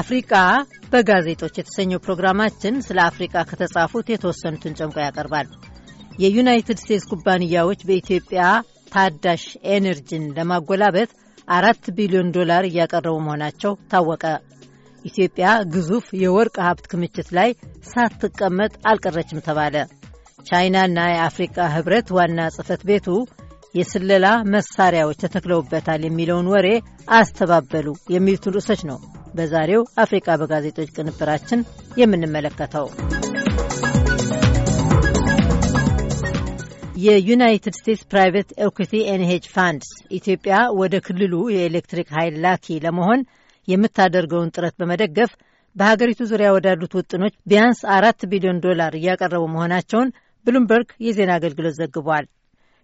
አፍሪቃ በጋዜጦች የተሰኘው ፕሮግራማችን ስለ አፍሪቃ ከተጻፉት የተወሰኑትን ጨምቆ ያቀርባል። የዩናይትድ ስቴትስ ኩባንያዎች በኢትዮጵያ ታዳሽ ኤነርጂን ለማጎላበት አራት ቢሊዮን ዶላር እያቀረቡ መሆናቸው ታወቀ። ኢትዮጵያ ግዙፍ የወርቅ ሀብት ክምችት ላይ ሳትቀመጥ አልቀረችም ተባለ። ቻይናና የአፍሪቃ ህብረት ዋና ጽህፈት ቤቱ የስለላ መሳሪያዎች ተተክለውበታል የሚለውን ወሬ አስተባበሉ። የሚሉትን ርዕሶች ነው በዛሬው አፍሪቃ በጋዜጦች ቅንብራችን የምንመለከተው የዩናይትድ ስቴትስ ፕራይቬት ኤኩቲ ኤንሄጅ ፋንድስ ኢትዮጵያ ወደ ክልሉ የኤሌክትሪክ ኃይል ላኪ ለመሆን የምታደርገውን ጥረት በመደገፍ በሀገሪቱ ዙሪያ ወዳሉት ውጥኖች ቢያንስ አራት ቢሊዮን ዶላር እያቀረቡ መሆናቸውን ብሉምበርግ የዜና አገልግሎት ዘግቧል።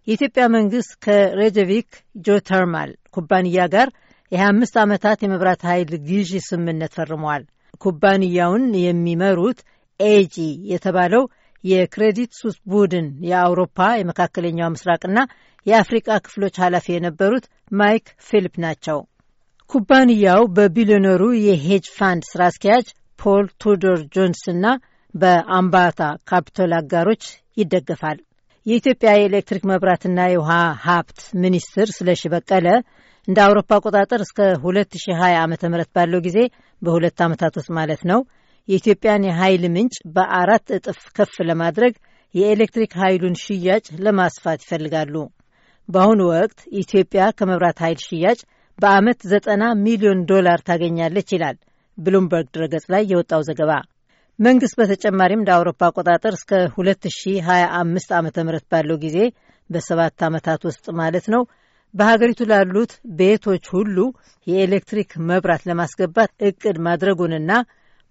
የኢትዮጵያ መንግስት ከሬጀቪክ ጆተርማል ኩባንያ ጋር የ25 ዓመታት የመብራት ኃይል ግዢ ስምምነት ፈርመዋል። ኩባንያውን የሚመሩት ኤጂ የተባለው የክሬዲት ሱስ ቡድን የአውሮፓ የመካከለኛው ምስራቅና የአፍሪቃ ክፍሎች ኃላፊ የነበሩት ማይክ ፊሊፕ ናቸው። ኩባንያው በቢሊዮነሩ የሄጅ ፋንድ ስራ አስኪያጅ ፖል ቱዶር ጆንስና በአምባታ ካፒታል አጋሮች ይደገፋል። የኢትዮጵያ የኤሌክትሪክ መብራትና የውሃ ሀብት ሚኒስትር ስለሺ በቀለ እንደ አውሮፓ አቆጣጠር እስከ 2020 ዓ ም ባለው ጊዜ በሁለት ዓመታት ውስጥ ማለት ነው የኢትዮጵያን የኃይል ምንጭ በአራት እጥፍ ከፍ ለማድረግ የኤሌክትሪክ ኃይሉን ሽያጭ ለማስፋት ይፈልጋሉ። በአሁኑ ወቅት ኢትዮጵያ ከመብራት ኃይል ሽያጭ በዓመት ዘጠና ሚሊዮን ዶላር ታገኛለች ይላል ብሉምበርግ ድረገጽ ላይ የወጣው ዘገባ። መንግስት በተጨማሪም እንደ አውሮፓ አቆጣጠር እስከ 2025 ዓ ም ባለው ጊዜ በሰባት ዓመታት ውስጥ ማለት ነው በሀገሪቱ ላሉት ቤቶች ሁሉ የኤሌክትሪክ መብራት ለማስገባት እቅድ ማድረጉንና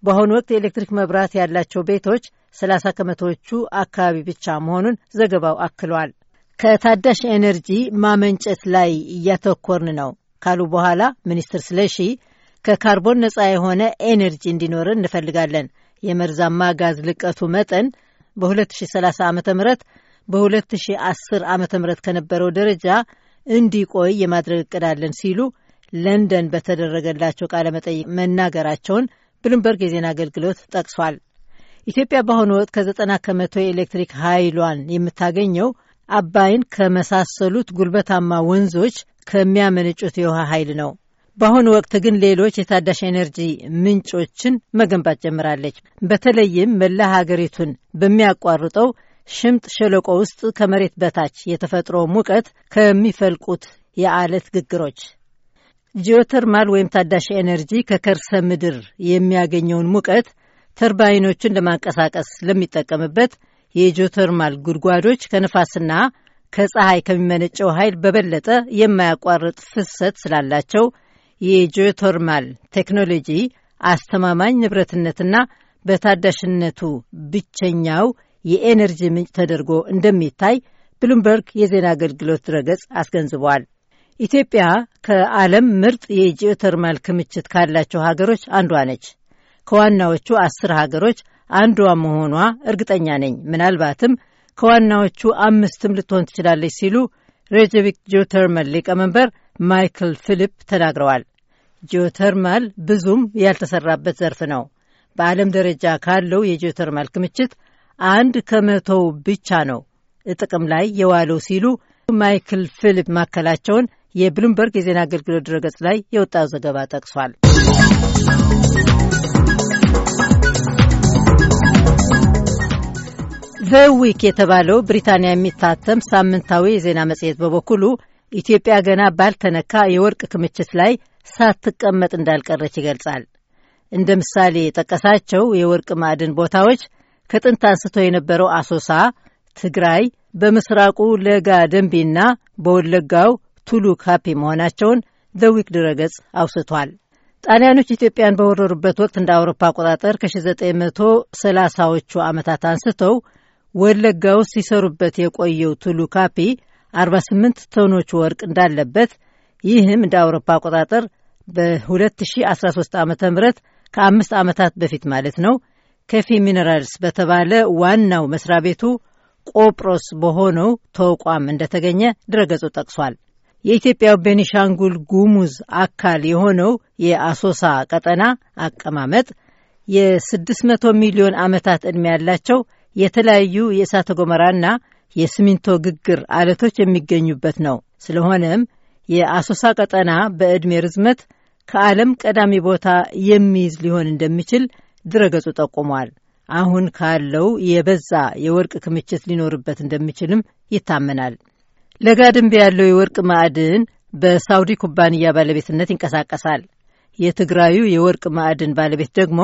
በአሁኑ ወቅት የኤሌክትሪክ መብራት ያላቸው ቤቶች 30 ከመቶዎቹ አካባቢ ብቻ መሆኑን ዘገባው አክሏል። ከታዳሽ ኤነርጂ ማመንጨት ላይ እያተኮርን ነው ካሉ በኋላ ሚኒስትር ስለሺ ከካርቦን ነፃ የሆነ ኤነርጂ እንዲኖርን እንፈልጋለን የመርዛማ ጋዝ ልቀቱ መጠን በ2030 ዓ ም በ2010 ዓ ም ከነበረው ደረጃ እንዲቆይ የማድረግ እቅዳለን ሲሉ ለንደን በተደረገላቸው ቃለ መጠይቅ መናገራቸውን ብሉምበርግ የዜና አገልግሎት ጠቅሷል። ኢትዮጵያ በአሁኑ ወቅት ከዘጠና ከመቶ የኤሌክትሪክ ኃይሏን የምታገኘው አባይን ከመሳሰሉት ጉልበታማ ወንዞች ከሚያመነጩት የውሃ ኃይል ነው። በአሁኑ ወቅት ግን ሌሎች የታዳሽ ኤነርጂ ምንጮችን መገንባት ጀምራለች። በተለይም መላ ሀገሪቱን በሚያቋርጠው ሽምጥ ሸለቆ ውስጥ ከመሬት በታች የተፈጥሮ ሙቀት ከሚፈልቁት የአለት ግግሮች ጂኦተርማል ወይም ታዳሽ ኤነርጂ ከከርሰ ምድር የሚያገኘውን ሙቀት ተርባይኖችን ለማንቀሳቀስ ለሚጠቀምበት የጂኦተርማል ጉድጓዶች ከነፋስና ከፀሐይ ከሚመነጨው ኃይል በበለጠ የማያቋርጥ ፍሰት ስላላቸው የጂኦተርማል ቴክኖሎጂ አስተማማኝ ንብረትነትና በታዳሽነቱ ብቸኛው የኤነርጂ ምንጭ ተደርጎ እንደሚታይ ብሉምበርግ የዜና አገልግሎት ድረገጽ አስገንዝቧል። ኢትዮጵያ ከዓለም ምርጥ የጂኦተርማል ክምችት ካላቸው ሀገሮች አንዷ ነች። ከዋናዎቹ አስር ሀገሮች አንዷ መሆኗ እርግጠኛ ነኝ፣ ምናልባትም ከዋናዎቹ አምስትም ልትሆን ትችላለች ሲሉ ሬጀቪክ ጂኦተርማል ሊቀመንበር ማይክል ፊሊፕ ተናግረዋል። ጂኦተርማል ብዙም ያልተሰራበት ዘርፍ ነው። በዓለም ደረጃ ካለው የጂኦተርማል ክምችት አንድ ከመቶው ብቻ ነው ጥቅም ላይ የዋለው ሲሉ ማይክል ፊሊፕ ማከላቸውን የብሉምበርግ የዜና አገልግሎት ድረገጽ ላይ የወጣው ዘገባ ጠቅሷል። ዘ ዊክ የተባለው ብሪታንያ የሚታተም ሳምንታዊ የዜና መጽሔት በበኩሉ ኢትዮጵያ ገና ባልተነካ የወርቅ ክምችት ላይ ሳትቀመጥ እንዳልቀረች ይገልጻል። እንደ ምሳሌ የጠቀሳቸው የወርቅ ማዕድን ቦታዎች ከጥንት አንስቶ የነበረው አሶሳ፣ ትግራይ፣ በምስራቁ ለጋ ደንቢና በወለጋው ቱሉ ካፒ መሆናቸውን ዘዊክ ድረገጽ አውስቷል። ጣሊያኖች ኢትዮጵያን በወረሩበት ወቅት እንደ አውሮፓ አቆጣጠር ከ1930ዎቹ ዓመታት አንስተው ወለጋ ውስጥ ሲሰሩበት የቆየው ቱሉ ካፒ 48 ቶኖች ወርቅ እንዳለበት ይህም እንደ አውሮፓ አቆጣጠር በ2013 ዓ ም ከአምስት ዓመታት በፊት ማለት ነው ከፊ ሚነራልስ በተባለ ዋናው መስሪያ ቤቱ ቆጵሮስ በሆነው ተቋም እንደተገኘ ድረገጹ ጠቅሷል። የኢትዮጵያው ቤኒሻንጉል ጉሙዝ አካል የሆነው የአሶሳ ቀጠና አቀማመጥ የ600 ሚሊዮን ዓመታት ዕድሜ ያላቸው የተለያዩ የእሳተ ገሞራና የሲሚንቶ ግግር አለቶች የሚገኙበት ነው። ስለሆነም የአሶሳ ቀጠና በዕድሜ ርዝመት ከዓለም ቀዳሚ ቦታ የሚይዝ ሊሆን እንደሚችል ድረገጹ ጠቁሟል። አሁን ካለው የበዛ የወርቅ ክምችት ሊኖርበት እንደሚችልም ይታመናል። ለጋድንቢ ያለው የወርቅ ማዕድን በሳውዲ ኩባንያ ባለቤትነት ይንቀሳቀሳል። የትግራዩ የወርቅ ማዕድን ባለቤት ደግሞ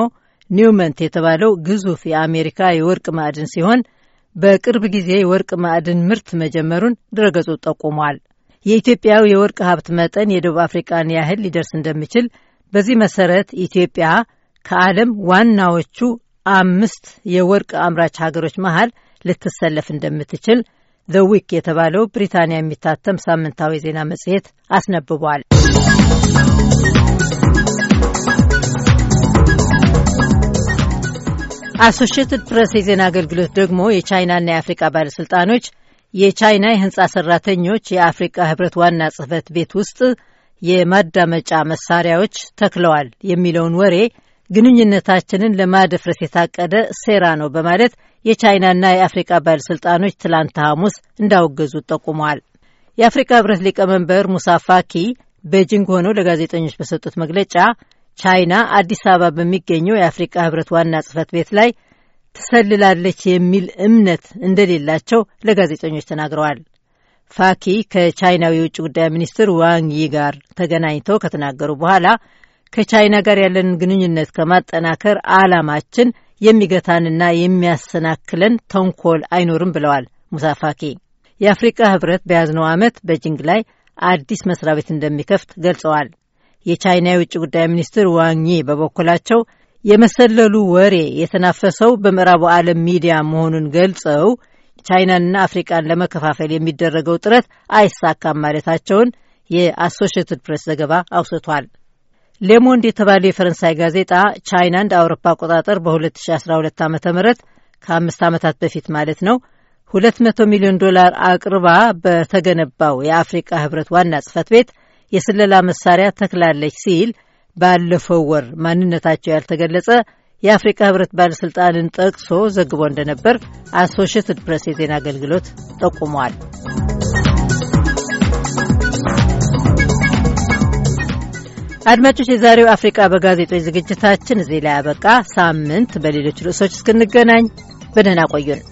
ኒውመንት የተባለው ግዙፍ የአሜሪካ የወርቅ ማዕድን ሲሆን በቅርብ ጊዜ የወርቅ ማዕድን ምርት መጀመሩን ድረገጹ ጠቁሟል። የኢትዮጵያው የወርቅ ሀብት መጠን የደቡብ አፍሪቃን ያህል ሊደርስ እንደሚችል፣ በዚህ መሰረት ኢትዮጵያ ከዓለም ዋናዎቹ አምስት የወርቅ አምራች ሀገሮች መሃል ልትሰለፍ እንደምትችል ዘ ዊክ የተባለው ብሪታንያ የሚታተም ሳምንታዊ ዜና መጽሔት አስነብቧል። አሶሽትድ ፕሬስ የዜና አገልግሎት ደግሞ የቻይናና የአፍሪቃ ባለሥልጣኖች የቻይና የህንፃ ሰራተኞች የአፍሪቃ ህብረት ዋና ጽህፈት ቤት ውስጥ የማዳመጫ መሳሪያዎች ተክለዋል የሚለውን ወሬ ግንኙነታችንን ለማደፍረስ የታቀደ ሴራ ነው በማለት የቻይናና የአፍሪቃ ባለሥልጣኖች ትላንት ሐሙስ እንዳወገዙ ጠቁመዋል። የአፍሪካ ህብረት ሊቀመንበር ሙሳ ፋኪ ቤጂንግ ሆነው ለጋዜጠኞች በሰጡት መግለጫ ቻይና አዲስ አበባ በሚገኘው የአፍሪካ ህብረት ዋና ጽህፈት ቤት ላይ ትሰልላለች የሚል እምነት እንደሌላቸው ለጋዜጠኞች ተናግረዋል። ፋኪ ከቻይናው የውጭ ጉዳይ ሚኒስትር ዋንግ ይ ጋር ተገናኝተው ከተናገሩ በኋላ ከቻይና ጋር ያለንን ግንኙነት ከማጠናከር አላማችን የሚገታንና የሚያሰናክለን ተንኮል አይኖርም ብለዋል ሙሳ ፋኪ። የአፍሪካ ህብረት በያዝነው ዓመት በጂንግ ላይ አዲስ መስሪያ ቤት እንደሚከፍት ገልጸዋል። የቻይና የውጭ ጉዳይ ሚኒስትር ዋንጊ በበኩላቸው የመሰለሉ ወሬ የተናፈሰው በምዕራቡ ዓለም ሚዲያ መሆኑን ገልጸው ቻይናንና አፍሪቃን ለመከፋፈል የሚደረገው ጥረት አይሳካም ማለታቸውን የአሶሽትድ ፕሬስ ዘገባ አውስቷል። ሌሞንድ የተባለው የፈረንሳይ ጋዜጣ ቻይና እንደ አውሮፓ አቆጣጠር በ2012 ዓ ም ከአምስት ዓመታት በፊት ማለት ነው 200 ሚሊዮን ዶላር አቅርባ በተገነባው የአፍሪቃ ህብረት ዋና ጽህፈት ቤት የስለላ መሳሪያ ተክላለች ሲል ባለፈው ወር ማንነታቸው ያልተገለጸ የአፍሪካ ህብረት ባለሥልጣንን ጠቅሶ ዘግቦ እንደነበር አሶሽትድ ፕሬስ የዜና አገልግሎት ጠቁሟል። አድማጮች፣ የዛሬው አፍሪቃ በጋዜጦች ዝግጅታችን እዚህ ላይ አበቃ። ሳምንት በሌሎች ርዕሶች እስክንገናኝ በደህና ቆዩን።